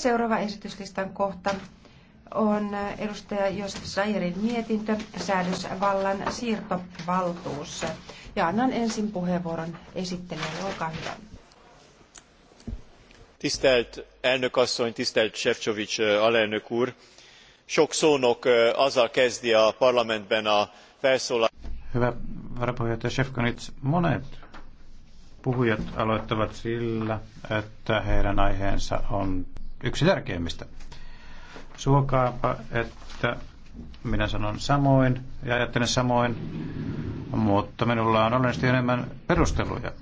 seuraava esityslistan kohta on edustaja Josef Sajerin mietintö, säädösvallan siirtovaltuus. Ja annan ensin puheenvuoron esittelijälle, olkaa hyvä. Tisztelt elnök asszony, tisztelt Sefcovics alelnök úr! Sok szónok azzal kezdi a parlamentben a felszólalás. Hyvä varapuheenjohtaja Sefconic, monet puhujat aloittavat sillä, että heidän aiheensa on yksi tärkeimmistä. Suokaapa, että minä sanon samoin ja ajattelen samoin, mutta minulla on olennaisesti enemmän perusteluja.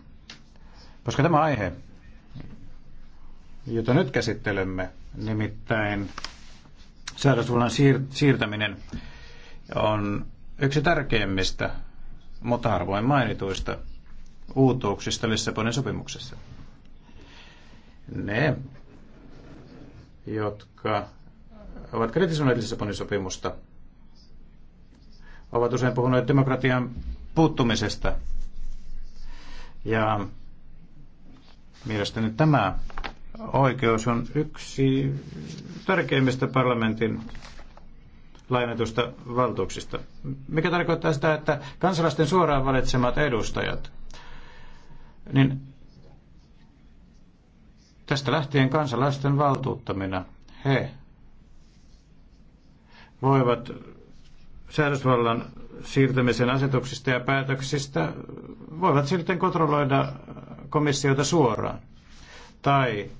Koska tämä aihe, jota nyt käsittelemme, nimittäin sairausvallan siir- siirtäminen, on yksi tärkeimmistä, mutta harvoin mainituista uutuuksista Lissabonin sopimuksessa. Ne jotka ovat kritisoineet Lissabonin sopimusta, ovat usein puhuneet demokratian puuttumisesta. Ja mielestäni tämä oikeus on yksi tärkeimmistä parlamentin lainetusta valtuuksista, mikä tarkoittaa sitä, että kansalaisten suoraan valitsemat edustajat, niin Tästä lähtien kansalaisten valtuuttamina he voivat säädösvallan siirtämisen asetuksista ja päätöksistä voivat sitten kontrolloida komissiota suoraan tai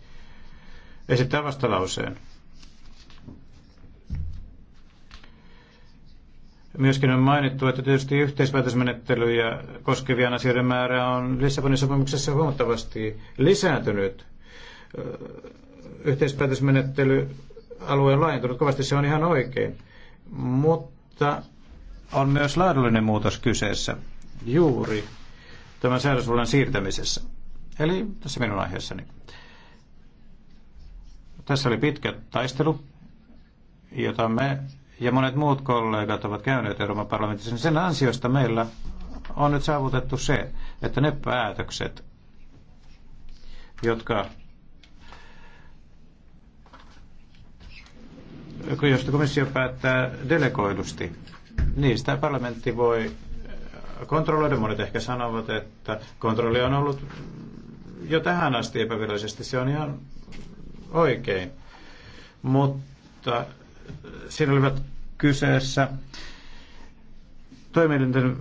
esittää vastalauseen. Myöskin on mainittu, että tietysti yhteispäätösmenettelyjä koskevien asioiden määrä on Lissabonin sopimuksessa huomattavasti lisääntynyt yhteispäätösmenettely alueen laajentunut kovasti, se on ihan oikein. Mutta on myös laadullinen muutos kyseessä juuri tämän säädösvallan siirtämisessä. Eli tässä minun aiheessani. Tässä oli pitkä taistelu, jota me ja monet muut kollegat ovat käyneet Euroopan parlamentissa. Sen ansiosta meillä on nyt saavutettu se, että ne päätökset, jotka josta komissio päättää delegoidusti, niistä parlamentti voi kontrolloida. Monet ehkä sanovat, että kontrolli on ollut jo tähän asti epävirallisesti, se on ihan oikein. Mutta siinä olivat kyseessä toimielinten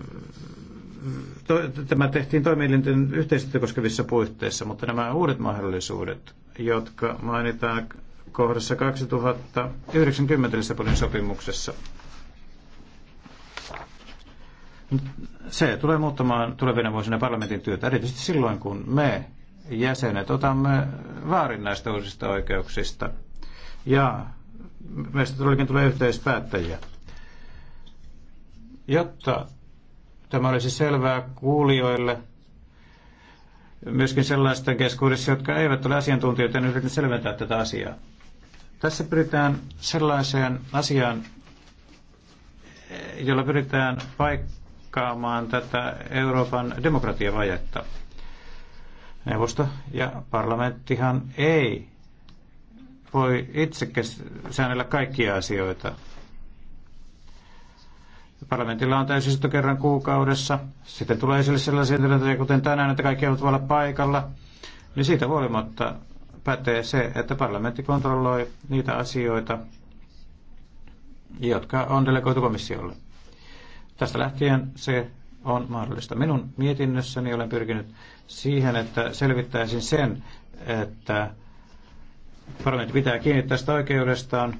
Tämä tehtiin toimielinten yhteistyötä koskevissa puitteissa, mutta nämä uudet mahdollisuudet, jotka mainitaan kohdassa 2090 Lissabonin sopimuksessa. Se tulee muuttamaan tulevina vuosina parlamentin työtä, erityisesti silloin kun me jäsenet otamme vaarin näistä uusista oikeuksista ja meistä tulikin tulee yhteispäättäjiä. Jotta tämä olisi selvää kuulijoille, myöskin sellaisten keskuudessa, jotka eivät ole asiantuntijoita, niin yritän selventää tätä asiaa. Tässä pyritään sellaiseen asiaan, jolla pyritään paikkaamaan tätä Euroopan demokratiavajetta. Neuvosto ja parlamenttihan ei voi itse säännellä kaikkia asioita. Parlamentilla on täysistunto kerran kuukaudessa. Sitten tulee esille sellaisia tilanteita, kuten tänään, että kaikki eivät voi olla paikalla. Niin siitä huolimatta pätee se, että parlamentti kontrolloi niitä asioita, jotka on delegoitu komissiolle. Tästä lähtien se on mahdollista. Minun mietinnössäni olen pyrkinyt siihen, että selvittäisin sen, että parlamentti pitää kiinni tästä oikeudestaan.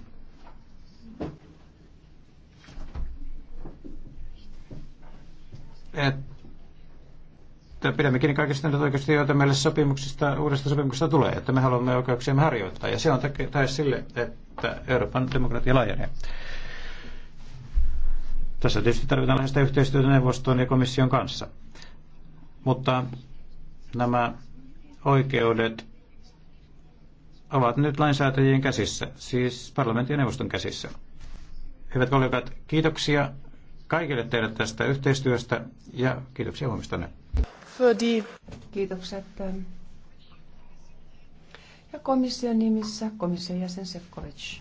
Että että pidämme kiinni kaikista niitä oikeuksista, joita meille sopimuksista, uudesta sopimuksesta tulee, että me haluamme oikeuksiamme harjoittaa. Ja se on tae sille, että Euroopan demokratia laajenee. Tässä tietysti tarvitaan lähestä yhteistyötä neuvoston ja komission kanssa. Mutta nämä oikeudet ovat nyt lainsäätäjien käsissä, siis parlamentin ja neuvoston käsissä. Hyvät kollegat, kiitoksia kaikille teille tästä yhteistyöstä ja kiitoksia huomistanne für die... Kiitokset. Ja komission nimissä komission jäsen Sefcovic.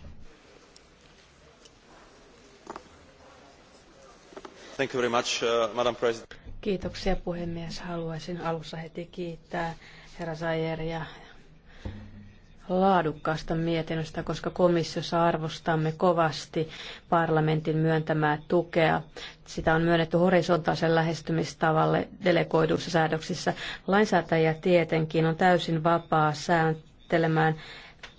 Thank you very much, uh, Madam President. Kiitoksia puhemies. Haluaisin alussa heti kiittää herra Zajer ja laadukkaasta mietinnöstä, koska komissiossa arvostamme kovasti parlamentin myöntämää tukea. Sitä on myönnetty horisontaalisen lähestymistavalle delegoiduissa säädöksissä. Lainsäätäjä tietenkin on täysin vapaa sääntelemään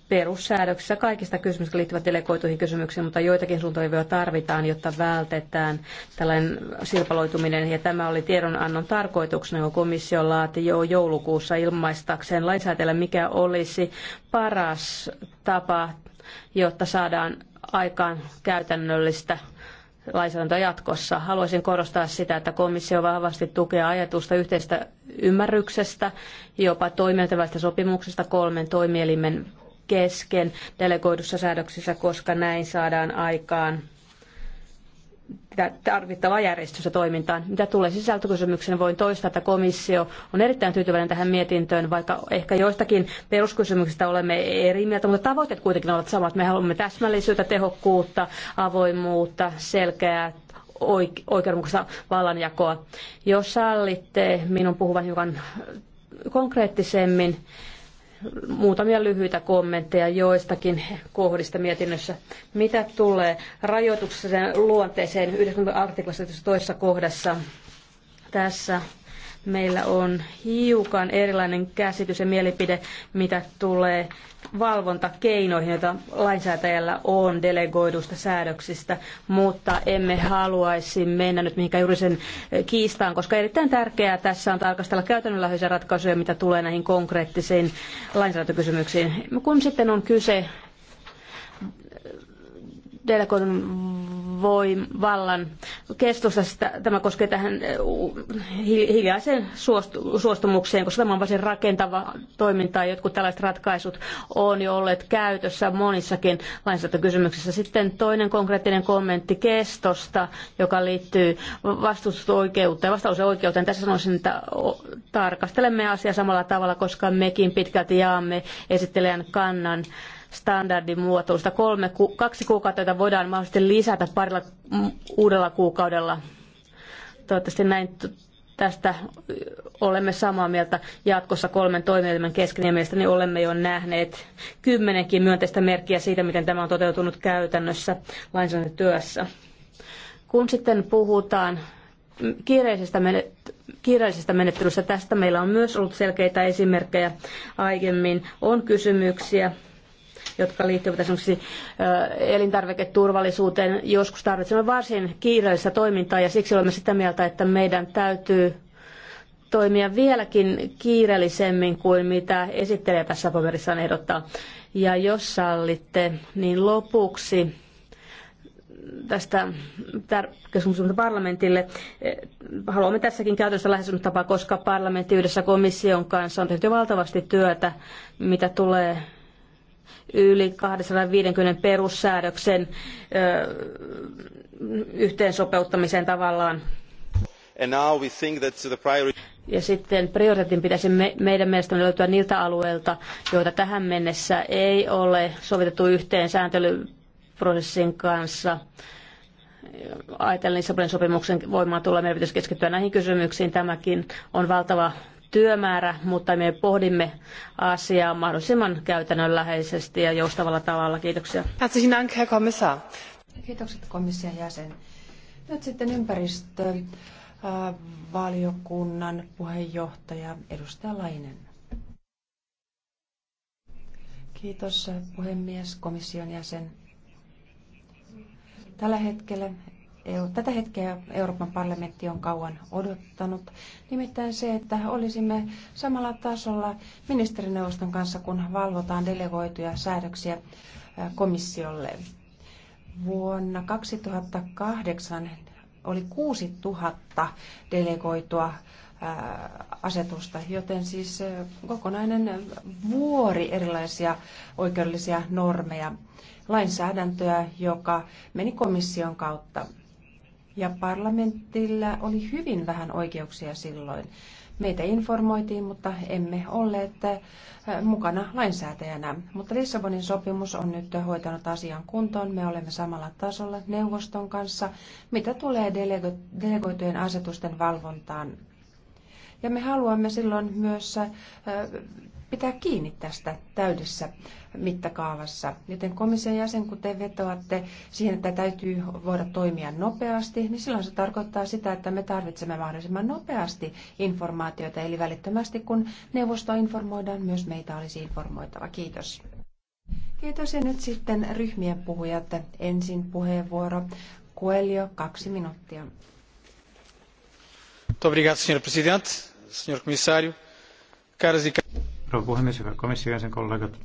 perussäädöksissä kaikista kysymyksistä liittyvät delegoituihin kysymyksiin, mutta joitakin suuntaviivoja tarvitaan, jotta vältetään tällainen sirpaloituminen. Ja tämä oli tiedonannon tarkoituksena, kun komissio laati jo joulukuussa ilmaistakseen lainsäätellä, mikä olisi paras tapa, jotta saadaan aikaan käytännöllistä lainsäädäntö jatkossa. Haluaisin korostaa sitä, että komissio vahvasti tukee ajatusta yhteistä ymmärryksestä, jopa toimijoiden sopimuksesta kolmen toimielimen kesken delegoidussa säädöksessä, koska näin saadaan aikaan järjestys ja toimintaan. Mitä tulee sisältökysymykseen, voin toistaa, että komissio on erittäin tyytyväinen tähän mietintöön, vaikka ehkä joistakin peruskysymyksistä olemme eri mieltä, mutta tavoitteet kuitenkin ovat samat. Me haluamme täsmällisyyttä, tehokkuutta, avoimuutta, selkeää oikeudenmukaista vallanjakoa. Jos sallitte minun puhuvan hiukan konkreettisemmin, Muutamia lyhyitä kommentteja joistakin kohdista mietinnössä. Mitä tulee rajoituksen luonteeseen 90 artiklassa toisessa kohdassa? Tässä meillä on hiukan erilainen käsitys ja mielipide, mitä tulee valvontakeinoihin, joita lainsäätäjällä on delegoidusta säädöksistä, mutta emme haluaisi mennä nyt mihinkään juuri sen eh, kiistaan, koska erittäin tärkeää tässä on tarkastella käytännönläheisiä ratkaisuja, mitä tulee näihin konkreettisiin lainsäädäntökysymyksiin. Kun sitten on kyse eh, delegoidun voim, vallan kestossa Tämä koskee tähän hiljaiseen suostumukseen, koska tämä on varsin rakentava toiminta jotkut tällaiset ratkaisut on jo olleet käytössä monissakin lainsäädäntökysymyksissä. Sitten toinen konkreettinen kommentti kestosta, joka liittyy vastustusoikeuteen, vastausoikeuteen. Tässä sanoisin, että tarkastelemme asiaa samalla tavalla, koska mekin pitkälti jaamme esittelijän kannan standardin muotoilusta. Kolme, kaksi kuukautta, jota voidaan mahdollisesti lisätä parilla mm, uudella kuukaudella. Toivottavasti näin tästä olemme samaa mieltä jatkossa kolmen toimielimen kesken ja mielestäni olemme jo nähneet kymmenenkin myönteistä merkkiä siitä, miten tämä on toteutunut käytännössä lainsäädäntötyössä. Kun sitten puhutaan kiireisestä kiireellisestä menettelystä, tästä meillä on myös ollut selkeitä esimerkkejä aiemmin. On kysymyksiä, jotka liittyvät esimerkiksi elintarviketurvallisuuteen. Joskus tarvitsemme varsin kiireellistä toimintaa ja siksi olemme sitä mieltä, että meidän täytyy toimia vieläkin kiireellisemmin kuin mitä esittelijä tässä paperissaan ehdottaa. Ja jos sallitte, niin lopuksi tästä keskustelusta parlamentille. Haluamme tässäkin käytännössä lähestymistapaa, koska parlamentti yhdessä komission kanssa on tehty valtavasti työtä, mitä tulee yli 250 perussäädöksen ö, yhteensopeuttamiseen tavallaan. Ja sitten prioriteetin pitäisi me, meidän mielestämme löytyä niiltä alueilta, joita tähän mennessä ei ole sovitettu yhteen sääntelyprosessin kanssa ajatellen Lissabonin sopimuksen voimaan tulla, meidän pitäisi keskittyä näihin kysymyksiin. Tämäkin on valtava työmäärä, mutta me pohdimme asiaa mahdollisimman käytännönläheisesti ja joustavalla tavalla. Kiitoksia. Herzlichen Dank, Herr Kommissar. Kiitokset komission jäsen. Nyt sitten ympäristövaliokunnan äh, puheenjohtaja edustaja Lainen. Kiitos äh, puhemies, komission jäsen. Tällä hetkellä Tätä hetkeä Euroopan parlamentti on kauan odottanut, nimittäin se, että olisimme samalla tasolla ministerineuvoston kanssa, kun valvotaan delegoituja säädöksiä komissiolle. Vuonna 2008 oli 6000 delegoitua asetusta, joten siis kokonainen vuori erilaisia oikeudellisia normeja, lainsäädäntöä, joka meni komission kautta ja parlamentilla oli hyvin vähän oikeuksia silloin. Meitä informoitiin, mutta emme olleet äh, mukana lainsäätäjänä. Mutta Lissabonin sopimus on nyt hoitanut asian kuntoon. Me olemme samalla tasolla neuvoston kanssa, mitä tulee delegoitujen asetusten valvontaan. Ja me haluamme silloin myös äh, pitää kiinni tästä täydessä mittakaavassa. Joten komission jäsen, kun te vetoatte siihen, että täytyy voida toimia nopeasti, niin silloin se tarkoittaa sitä, että me tarvitsemme mahdollisimman nopeasti informaatiota, eli välittömästi kun neuvosto informoidaan, myös meitä olisi informoitava. Kiitos. Kiitos ja nyt sitten ryhmien puhujat. Ensin puheenvuoro. Coelho, kaksi minuuttia. Muito obrigado, senhor presidente, senhor comissário, caras e Rouva puhemies, hyvä komissio ja sen kollegat.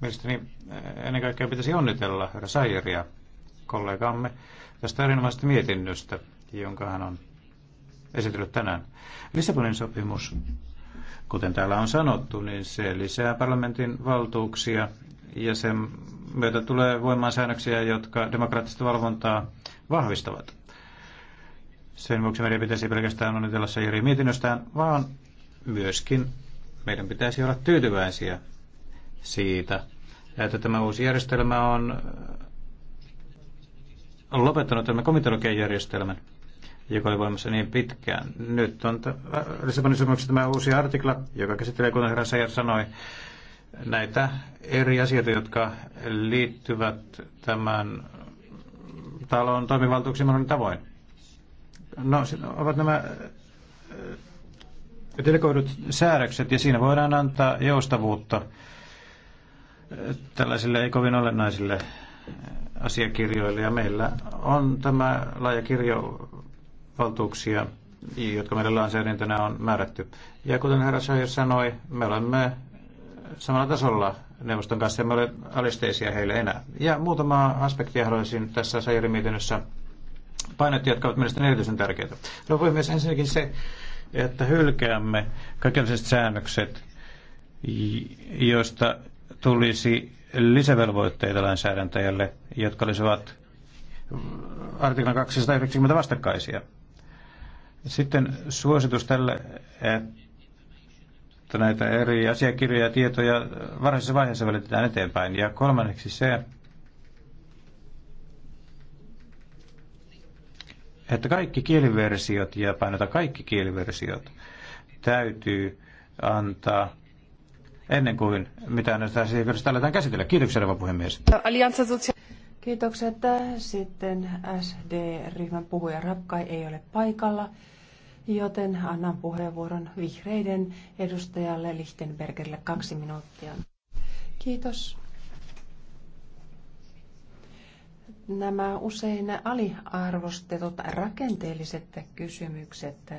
Mielestäni eh, ennen kaikkea pitäisi onnitella herra Sayeria, kollegamme, tästä erinomaisesta mietinnöstä, jonka hän on esitellyt tänään. Lissabonin sopimus, kuten täällä on sanottu, niin se lisää parlamentin valtuuksia ja sen myötä tulee voimaan säännöksiä, jotka demokraattista valvontaa vahvistavat. Sen vuoksi meidän pitäisi pelkästään onnitella Sayerin mietinnöstään, vaan myöskin meidän pitäisi olla tyytyväisiä siitä, että tämä uusi järjestelmä on lopettanut tämän komitologian järjestelmän, joka oli voimassa niin pitkään. Nyt on Lissabonin sopimuksessa tämä uusi artikla, joka käsittelee, kuten herra Seijär sanoi, näitä eri asioita, jotka liittyvät tämän talon toimivaltuuksiin monin tavoin. No, ovat nämä delegoidut säädökset ja siinä voidaan antaa joustavuutta äh, tällaisille ei kovin olennaisille äh, asiakirjoille. Ja meillä on tämä laaja kirjo valtuuksia, jotka meidän lainsäädäntönä on määrätty. Ja kuten herra Sahir sanoi, me olemme samalla tasolla neuvoston kanssa, emme ole alisteisia heille enää. Ja muutama aspektia haluaisin tässä Shahirin mietinnössä painotti, jotka ovat mielestäni erityisen tärkeitä. No puhemies, ensinnäkin se, että hylkäämme kaikenlaiset säännökset, joista tulisi lisävelvoitteita lainsäädäntäjälle, jotka olisivat artiklan 290 vastakkaisia. Sitten suositus tälle, että näitä eri asiakirjoja ja tietoja varhaisessa vaiheessa välitetään eteenpäin. Ja kolmanneksi se, että kaikki kieliversiot, ja painota kaikki kieliversiot, täytyy antaa ennen kuin mitä näistä asioista aletaan käsitellä. Kiitoksia, rouva puhemies. Kiitokset. Sitten SD-ryhmän puhuja Rapkai ei ole paikalla, joten annan puheenvuoron vihreiden edustajalle Lichtenbergerille kaksi minuuttia. Kiitos nämä usein aliarvostetut rakenteelliset kysymykset,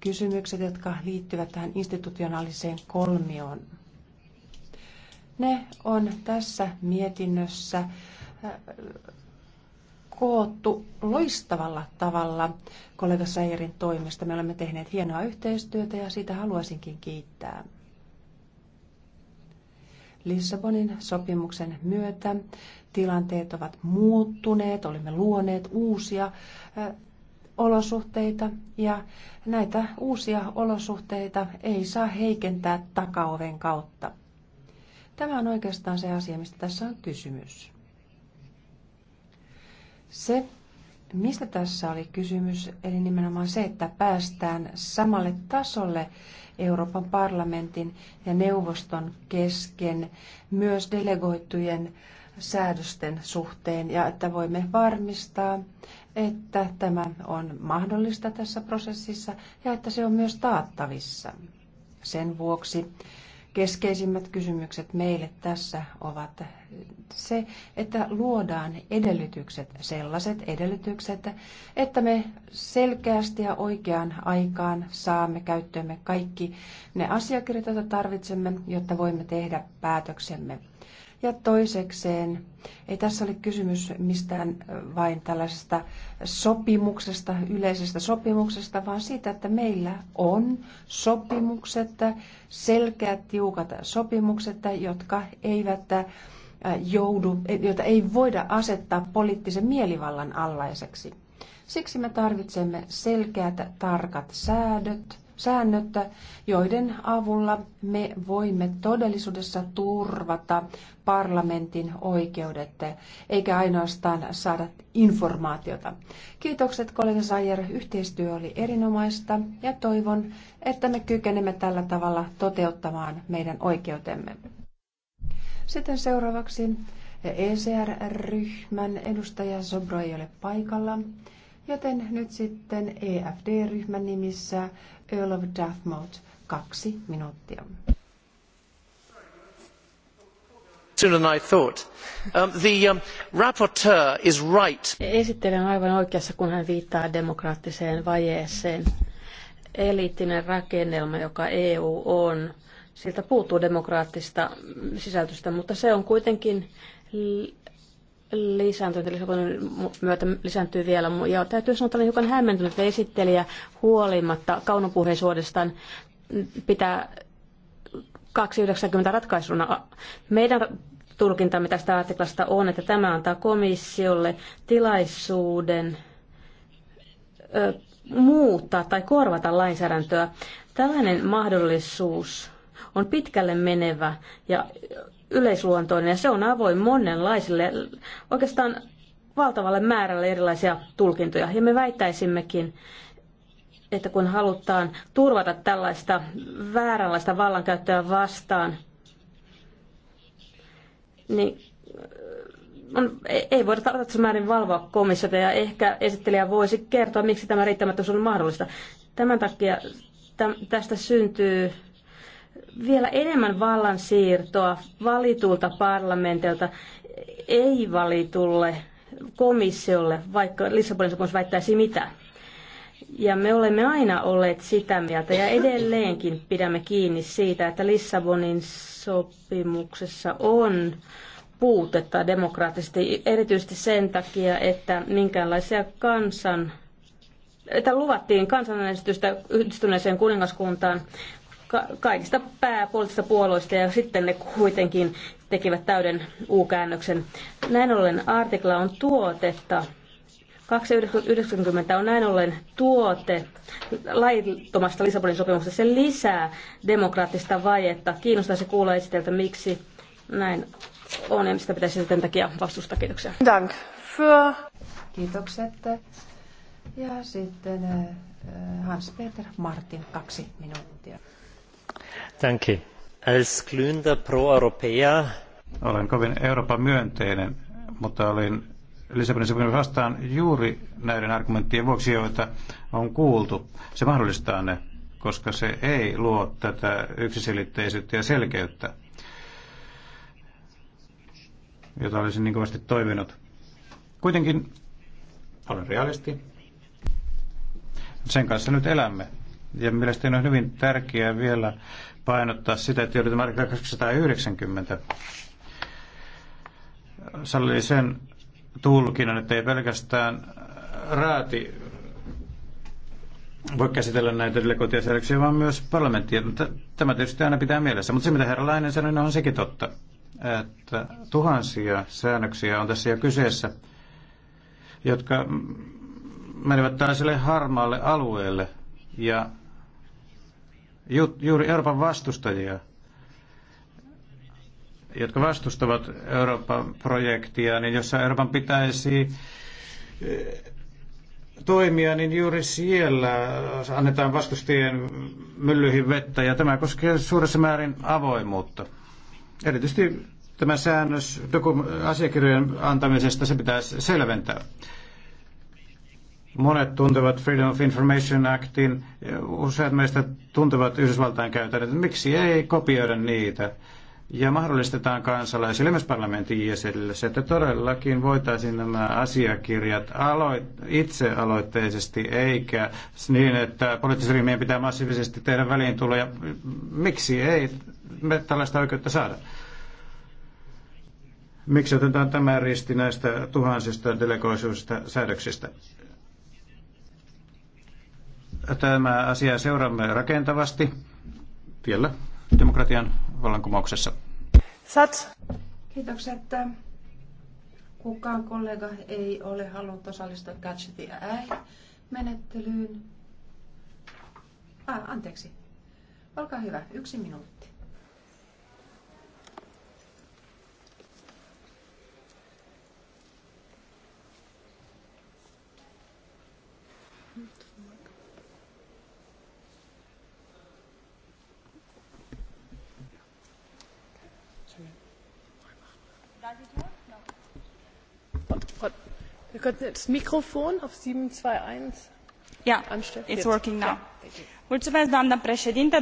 kysymykset, jotka liittyvät tähän institutionaaliseen kolmioon. Ne on tässä mietinnössä äh, koottu loistavalla tavalla kollega Säirin toimesta. Me olemme tehneet hienoa yhteistyötä ja siitä haluaisinkin kiittää. Lissabonin sopimuksen myötä tilanteet ovat muuttuneet, olemme luoneet uusia olosuhteita ja näitä uusia olosuhteita ei saa heikentää takaoven kautta. Tämä on oikeastaan se asia, mistä tässä on kysymys. Se, mistä tässä oli kysymys, eli nimenomaan se, että päästään samalle tasolle Euroopan parlamentin ja neuvoston kesken myös delegoitujen säädösten suhteen ja että voimme varmistaa, että tämä on mahdollista tässä prosessissa ja että se on myös taattavissa. Sen vuoksi keskeisimmät kysymykset meille tässä ovat se, että luodaan edellytykset, sellaiset edellytykset, että me selkeästi ja oikeaan aikaan saamme käyttöömme kaikki ne asiakirjat, joita tarvitsemme, jotta voimme tehdä päätöksemme ja toisekseen, ei tässä ole kysymys mistään vain tällaisesta sopimuksesta, yleisestä sopimuksesta, vaan siitä, että meillä on sopimukset, selkeät, tiukat sopimukset, jotka eivät joudu, e, joita ei voida asettaa poliittisen mielivallan allaiseksi. Siksi me tarvitsemme selkeät, tarkat säädöt, säännöt, joiden avulla me voimme todellisuudessa turvata parlamentin oikeudet, eikä ainoastaan saada informaatiota. Kiitokset kollega Sajer, yhteistyö oli erinomaista ja toivon, että me kykenemme tällä tavalla toteuttamaan meidän oikeutemme. Sitten seuraavaksi ECR-ryhmän edustaja Sobro ei ole paikalla. Joten nyt sitten EFD-ryhmän nimissä Earl of Mode" kaksi minuuttia. Sooner than I thought. Um, the um, rapporteur is right. Esittelen aivan oikeassa, kun hän viittaa demokraattiseen vajeeseen. Eliittinen rakennelma, joka EU on, siltä puuttuu demokraattista sisältöstä, mutta se on kuitenkin lisääntynyt, eli myötä lisääntyy vielä. Ja täytyy sanoa, että olen hiukan hämmentynyt, että esittelijä huolimatta kaunopuheisuudestaan pitää 290 ratkaisuna. Meidän tulkintamme tästä artiklasta on, että tämä antaa komissiolle tilaisuuden ö, muuttaa tai korvata lainsäädäntöä. Tällainen mahdollisuus on pitkälle menevä ja yleisluontoinen ja se on avoin monenlaisille, oikeastaan valtavalle määrälle erilaisia tulkintoja. Ja me väittäisimmekin, että kun halutaan turvata tällaista vääränlaista vallankäyttöä vastaan, niin äh, on, e, ei voida tarkoituksessa määrin valvoa komissiota ja ehkä esittelijä voisi kertoa, miksi tämä riittämättömyys on mahdollista. Tämän takia tästä syntyy vielä enemmän vallan siirtoa valitulta parlamentilta ei-valitulle komissiolle, vaikka Lissabonin sopimus väittäisi mitä. Ja me olemme aina olleet sitä mieltä ja edelleenkin pidämme kiinni siitä, että Lissabonin sopimuksessa on puutetta demokraattisesti, erityisesti sen takia, että minkäänlaisia kansan että luvattiin kansanäänestystä yhdistyneeseen kuningaskuntaan kaikista pääpoliittisista puolueista ja sitten ne kuitenkin tekivät täyden U-käännöksen. Näin ollen artikla on tuotetta. 290 on näin ollen tuote laittomasta Lissabonin sopimuksesta. Se lisää demokraattista vajetta. Kiinnostaisi kuulla esiteltä, miksi näin on ja sitä pitäisi sitten takia vastustaa. Kiitoksia. Dank. Für... Kiitokset. Ja sitten äh, Hans-Peter Martin, kaksi minuuttia als glühender olen kovin Euroopan myönteinen, mutta olin Lissabonin sopimus vastaan juuri näiden argumenttien vuoksi, joita on kuultu. Se mahdollistaa ne, koska se ei luo tätä yksiselitteisyyttä ja selkeyttä, jota olisin niin kovasti toivinut. Kuitenkin olen realisti. Sen kanssa nyt elämme. Ja mielestäni on hyvin tärkeää vielä painottaa sitä, että joudutaan 290 sallii sen tulkinnan, että ei pelkästään raati voi käsitellä näitä delegoituja säädöksiä, vaan myös parlamenttia. Tämä tietysti aina pitää mielessä. Mutta se, mitä herra Lainen sanoi, no on sekin totta, että tuhansia säännöksiä on tässä jo kyseessä, jotka menevät tällaiselle harmaalle alueelle. Ja ju, juuri Euroopan vastustajia, jotka vastustavat Euroopan projektia, niin jossa Euroopan pitäisi eh, toimia, niin juuri siellä annetaan vastustajien myllyihin vettä, ja tämä koskee suuressa määrin avoimuutta. Erityisesti tämä säännös asiakirjojen antamisesta, se pitäisi selventää. Monet tuntevat Freedom of Information Actin, useat meistä tuntevat Yhdysvaltain käytännöt. Miksi ei kopioida niitä? Ja mahdollistetaan kansalaisille, myös parlamentin jäsenille, että todellakin voitaisiin nämä asiakirjat aloit- aloitteisesti, eikä niin, että poliittisryhmien pitää massiivisesti tehdä väliintuloja. Miksi ei me tällaista oikeutta saada? Miksi otetaan tämä risti näistä tuhansista delegoisuista säädöksistä? Tämä asia seuraamme rakentavasti vielä demokratian vallankumouksessa. Sats. Kiitokset. Kukaan kollega ei ole halunnut osallistua Catch the menettelyyn Ah, anteeksi. Olkaa hyvä, yksi minuutti.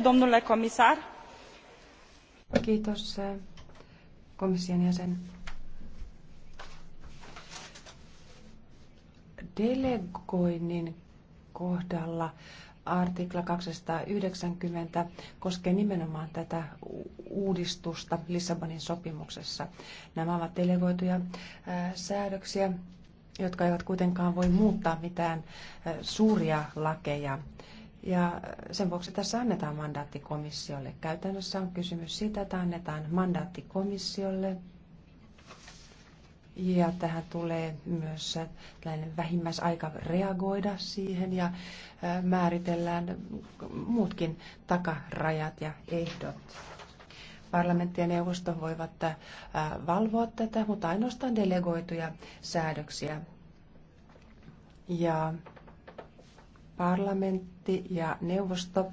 domnule komissaari kiitos eh, komission Delegoinnin kohdalla artikla 290 koskee nimenomaan tätä uudistusta Lissabonin sopimuksessa. Nämä ovat delegoituja eh, säädöksiä jotka eivät kuitenkaan voi muuttaa mitään suuria lakeja. Ja sen vuoksi tässä annetaan mandaatti komissiolle. Käytännössä on kysymys siitä, että annetaan mandaatti komissiolle. Ja tähän tulee myös tällainen vähimmäisaika reagoida siihen ja määritellään muutkin takarajat ja ehdot parlamentti ja neuvosto voivat äh, valvoa tätä, mutta ainoastaan delegoituja säädöksiä. Ja parlamentti ja neuvosto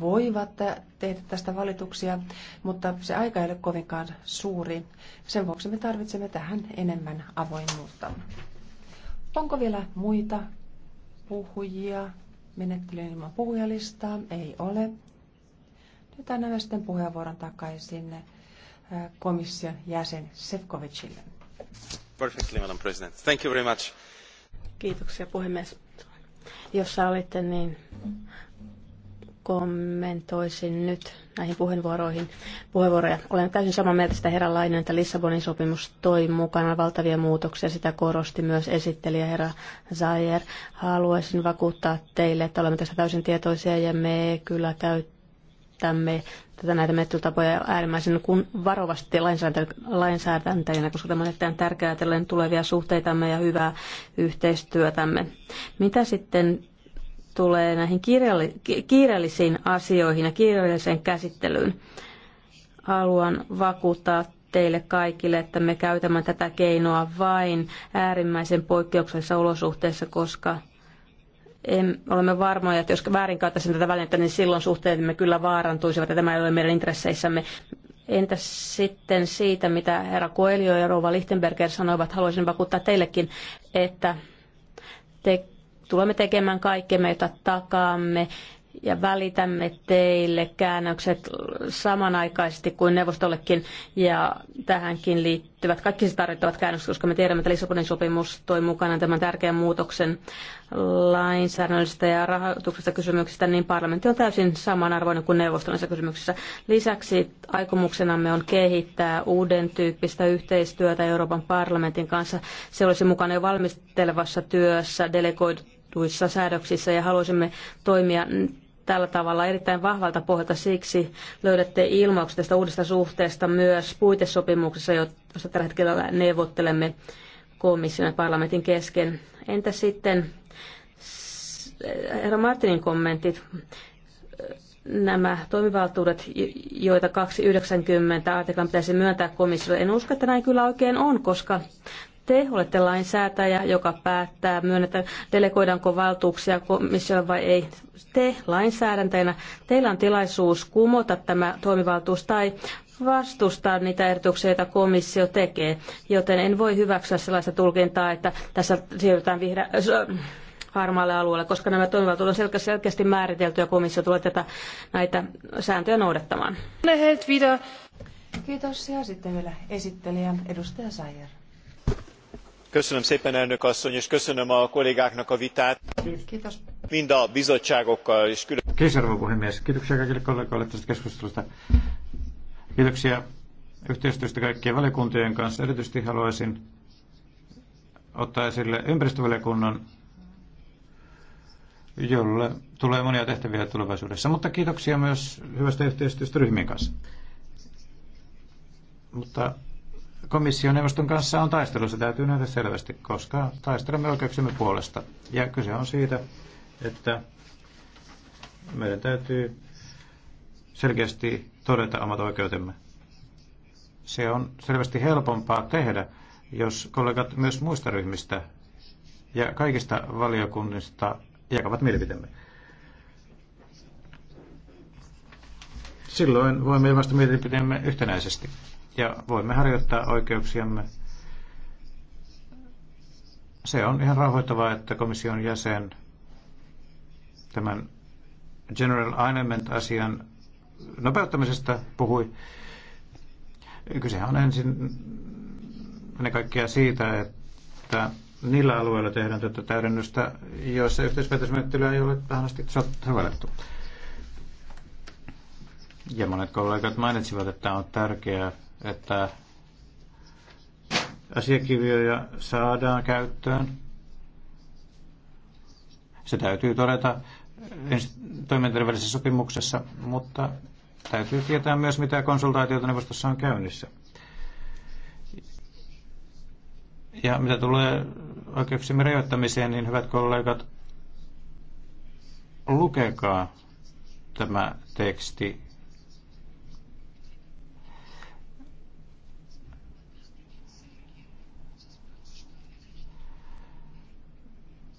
voivat äh, tehdä tästä valituksia, mutta se aika ei ole kovinkaan suuri. Sen vuoksi me tarvitsemme tähän enemmän avoimuutta. Onko vielä muita puhujia? Menettelyyn ilman puhujalistaa ei ole. Nyt annan sitten puheenvuoron takaisin komission jäsen Sefcovicille. Perfectly, Madam President. Thank you very much. Kiitoksia puhemies. Jos sallitte, niin kommentoisin nyt näihin puheenvuoroihin. Puheenvuoroja. Olen täysin samaa mieltä sitä herra Lainen, että Lissabonin sopimus toi mukana valtavia muutoksia. Sitä korosti myös esittelijä herra Zayer. Haluaisin vakuuttaa teille, että olemme tässä täysin tietoisia ja me kyllä täyt käytämme tätä näitä menettelytapoja äärimmäisen kun varovasti lainsäädäntäjänä, koska tämä on erittäin tärkeää ajatellen tulevia suhteitamme ja hyvää yhteistyötämme. Mitä sitten tulee näihin kirjalli- kiireellisiin asioihin ja kiireelliseen käsittelyyn? Haluan vakuuttaa teille kaikille, että me käytämme tätä keinoa vain äärimmäisen poikkeuksellisissa olosuhteissa, koska em, olemme varmoja, että jos väärin väärinkäyttäisimme tätä välinettä, niin silloin suhteemme kyllä vaarantuisivat ja tämä ei ole meidän intresseissämme. Entäs sitten siitä, mitä herra Koelio ja rouva Lichtenberger sanoivat, haluaisin vakuuttaa teillekin, että te tulemme tekemään kaikkemme, jota takaamme ja välitämme teille käännökset samanaikaisesti kuin neuvostollekin ja tähänkin liittyvät kaikki se tarvittavat käännökset, koska me tiedämme, että Lissabonin sopimus toi mukana tämän tärkeän muutoksen lainsäädännöllisestä ja rahoituksesta kysymyksistä, niin parlamentti on täysin samanarvoinen kuin neuvostollisessa kysymyksissä. Lisäksi aikomuksenamme on kehittää uuden tyyppistä yhteistyötä Euroopan parlamentin kanssa. Se olisi mukana jo valmistelevassa työssä delegoiduissa säädöksissä ja haluaisimme toimia tällä tavalla erittäin vahvalta pohjalta. Siksi löydätte ilmauksen tästä uudesta suhteesta myös puitesopimuksessa, josta tällä hetkellä neuvottelemme komission ja parlamentin kesken. Entä sitten herra Martinin kommentit? Nämä toimivaltuudet, joita 290 artiklan pitäisi myöntää komissiolle, en usko, että näin kyllä oikein on, koska te olette lainsäätäjä, joka päättää, myönnetä, delegoidaanko valtuuksia komissiolle vai ei. Te lainsäädäntäjänä, teillä on tilaisuus kumota tämä toimivaltuus tai vastustaa niitä ehdotuksia, joita komissio tekee, joten en voi hyväksyä sellaista tulkintaa, että tässä siirrytään vihreä, äh, harmaalle alueelle, koska nämä toimivaltuudet on selkeästi, selkeästi määritelty ja komissio tulee tätä, näitä sääntöjä noudattamaan. Kiitos ja sitten vielä esittelijä edustaja Sayer és köszönöm a kollégáknak a vitát Kiitos. mind a bizottságokkal és külön... Kiitos arvoisa puhemies. Kiitoksia kaikille kollegoille tästä keskustelusta. Kiitoksia yhteistyöstä kaikkien valiokuntien kanssa. Erityisesti haluaisin ottaa esille ympäristövaliokunnan, jolle tulee monia tehtäviä tulevaisuudessa. Mutta kiitoksia myös hyvästä yhteistyöstä ryhmien kanssa. Mutta komissioneuvoston kanssa on taistelu, se täytyy nähdä selvästi, koska taistelemme oikeuksimme puolesta. Ja kyse on siitä, että meidän täytyy selkeästi todeta omat oikeutemme. Se on selvästi helpompaa tehdä, jos kollegat myös muista ryhmistä ja kaikista valiokunnista jakavat mielipiteemme. Silloin voimme ilmaista mielipiteemme yhtenäisesti ja voimme harjoittaa oikeuksiamme. Se on ihan rauhoittavaa, että komission jäsen tämän General Alignment-asian nopeuttamisesta puhui. Kysehän on ensin ennen kaikkea siitä, että niillä alueilla tehdään tätä täydennystä, joissa yhteisvetäismenettelyä ei ole tähän asti sovellettu. Ja monet kollegat mainitsivat, että on tärkeää että asiakirjoja saadaan käyttöön. Se täytyy todeta toimintaterveellisessä sopimuksessa, mutta täytyy tietää myös, mitä konsultaatiota neuvostossa on käynnissä. Ja mitä tulee oikeuksimme rajoittamiseen, niin hyvät kollegat, lukekaa tämä teksti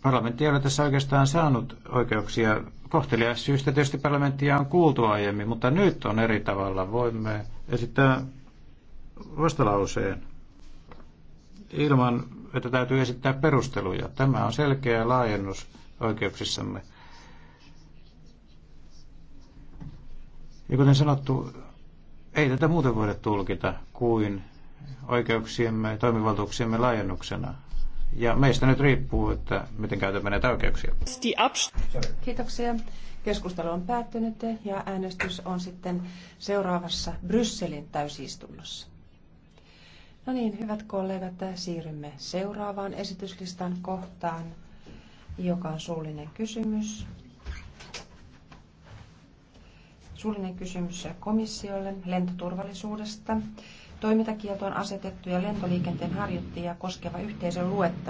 Parlamentti ei ole tässä oikeastaan saanut oikeuksia. Kohtelias syystä tietysti parlamenttia on kuultu aiemmin, mutta nyt on eri tavalla. Voimme esittää vastalauseen ilman, että täytyy esittää perusteluja. Tämä on selkeä laajennus oikeuksissamme. Ja kuten sanottu, ei tätä muuten voida tulkita kuin oikeuksiemme toimivaltuuksiemme laajennuksena. Ja meistä nyt riippuu, että miten käytämme näitä oikeuksia. Kiitoksia. Keskustelu on päättynyt ja äänestys on sitten seuraavassa Brysselin täysistunnossa. No niin, hyvät kollegat, siirrymme seuraavaan esityslistan kohtaan, joka on suullinen kysymys. Suullinen kysymys komissiolle lentoturvallisuudesta toimintakieltoon asetettuja lentoliikenteen harjoittajia koskeva yhteisön luettelo.